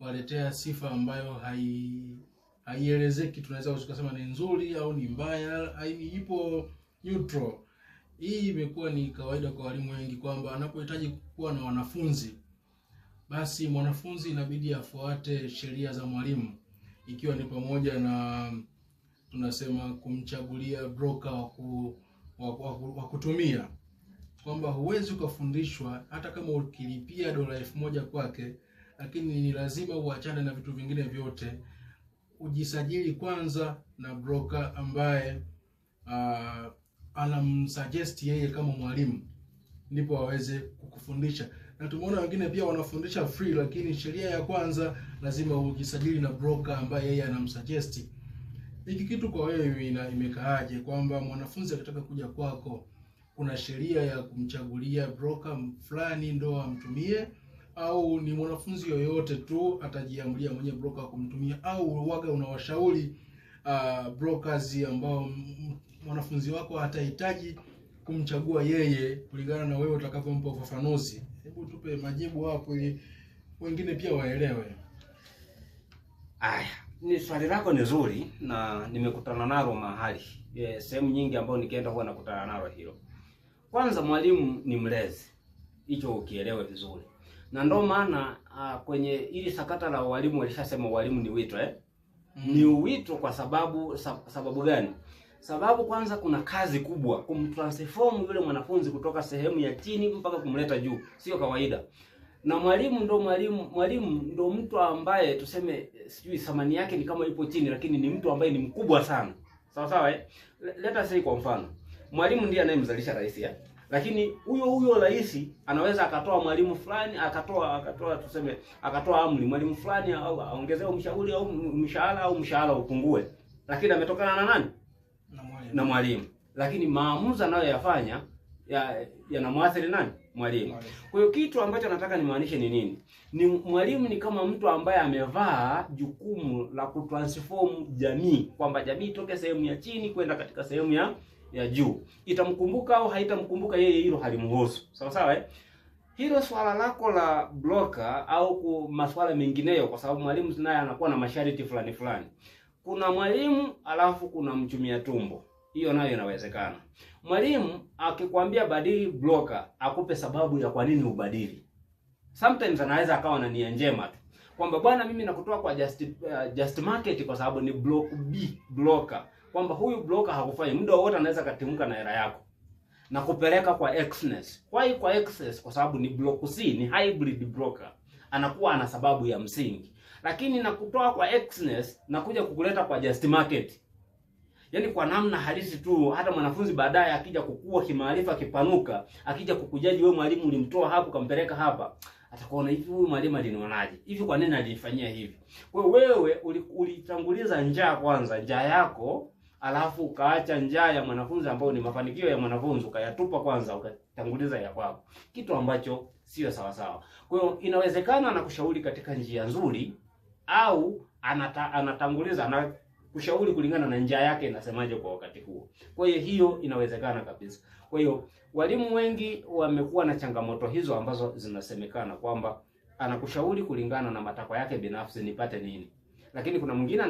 waletea sifa ambayo hai haielezeki, tunaweza tukasema ni nzuri au ni mbaya, ipo neutral. Hii imekuwa ni kawaida kwa walimu wengi kwamba anapohitaji kuwa na wanafunzi, basi mwanafunzi inabidi afuate sheria za mwalimu, ikiwa ni pamoja na tunasema kumchagulia broker wa kutumia, kwamba huwezi ukafundishwa hata kama ukilipia dola elfu moja kwake lakini ni lazima uachane na vitu vingine vyote, ujisajili kwanza na broker ambaye uh, anamsuggest yeye kama mwalimu, ndipo waweze kukufundisha. Na tumeona wengine pia wanafundisha free, lakini sheria ya kwanza lazima ujisajili na broker ambaye yeye anamsuggest. Hiki kitu kwa wewe imekaaje, kwamba mwanafunzi akitaka kuja kwako kuna sheria ya kumchagulia broker fulani ndo amtumie au ni mwanafunzi yoyote tu atajiamulia mwenye broker kumtumia, au waga unawashauri uh, brokers ambao mwanafunzi wako atahitaji kumchagua yeye kulingana na wewe utakavyompa ufafanuzi. Hebu tupe majibu hapo ili wengine pia waelewe. Aya, ni swali lako ni zuri na nimekutana nalo mahali yeah, sehemu nyingi ambayo nikienda huwa nakutana nalo hilo. Kwanza mwalimu ni mlezi, hicho ukielewe vizuri na ndo maana uh, kwenye ili sakata la walimu walishasema walimu ni wito eh? Mm. Ni wito kwa sababu sababu gani? Sababu kwanza, kuna kazi kubwa kumtransform yule mwanafunzi kutoka sehemu ya chini mpaka kumleta juu, sio kawaida. Na mwalimu ndo mwalimu mwalimu ndo mtu ambaye tuseme, sijui thamani yake ni kama ipo chini, lakini ni mtu ambaye ni mkubwa sana, sawa sawa eh? Leta sasa, kwa mfano, mwalimu ndiye anayemzalisha rais eh? lakini huyo huyo rais anaweza akatoa mwalimu fulani akatoa akatoa tuseme akatoa amri mwalimu fulani aongezewe mshauri au mshahara au mshahara upungue, lakini ametokana na nani? Na mwalimu, na mwalimu. Lakini maamuzi anayoyafanya yanamwathiri ya nani? Mwalimu. Kwa hiyo kitu ambacho nataka nimaanishe ni nini? Ni mwalimu ni kama mtu ambaye amevaa jukumu la kutransform jamii, kwamba jamii itoke sehemu ya chini kwenda katika sehemu ya ya juu. Itamkumbuka au haitamkumbuka yeye, hilo halimhusu. Sawa sawa, eh? Hilo swala lako la bloka au maswala mengineyo, kwa sababu mwalimu naye anakuwa na masharti fulani fulani. Kuna mwalimu alafu kuna mchumia tumbo, hiyo nayo inawezekana. Mwalimu akikwambia badili bloka, akupe sababu ya kwa nini ubadili. Sometimes anaweza akawa na nia njema tu kwamba bwana, mimi nakutoa kwa just, uh, just market kwa sababu ni block B blocker kwamba huyu broker hakufanya muda wote, anaweza katimka na hela yako na kupeleka kwa Xness. Kwa hiyo kwa Xness? Kwa sababu ni block C, ni hybrid broker, anakuwa ana sababu ya msingi, lakini na kutoa kwa Xness na kuja kukuleta kwa Just Market, yaani kwa namna halisi tu. Hata mwanafunzi baadaye akija kukua kimaarifa, kipanuka, akija kukujaji wewe, mwalimu ulimtoa hapo kampeleka hapa atakuona hivi, huyu mwalimu alinionaje hivi? Kwa nini alifanyia hivi? Kwa wewe ulitanguliza njaa kwanza, njaa yako alafu ukaacha njaa ya mwanafunzi ambao ni mafanikio ya mwanafunzi ukayatupa kwanza, ukatanguliza ya kwako, kitu ambacho sio sawa sawa. Kwa hiyo inawezekana anakushauri katika njia nzuri, au anata, anatanguliza ana kushauri kulingana na njia yake inasemaje kwa wakati huo. Kwa hiyo hiyo inawezekana kabisa. Kwa hiyo walimu wengi wamekuwa na changamoto hizo ambazo zinasemekana kwamba anakushauri kulingana na matakwa yake binafsi, nipate nini, lakini kuna mwingine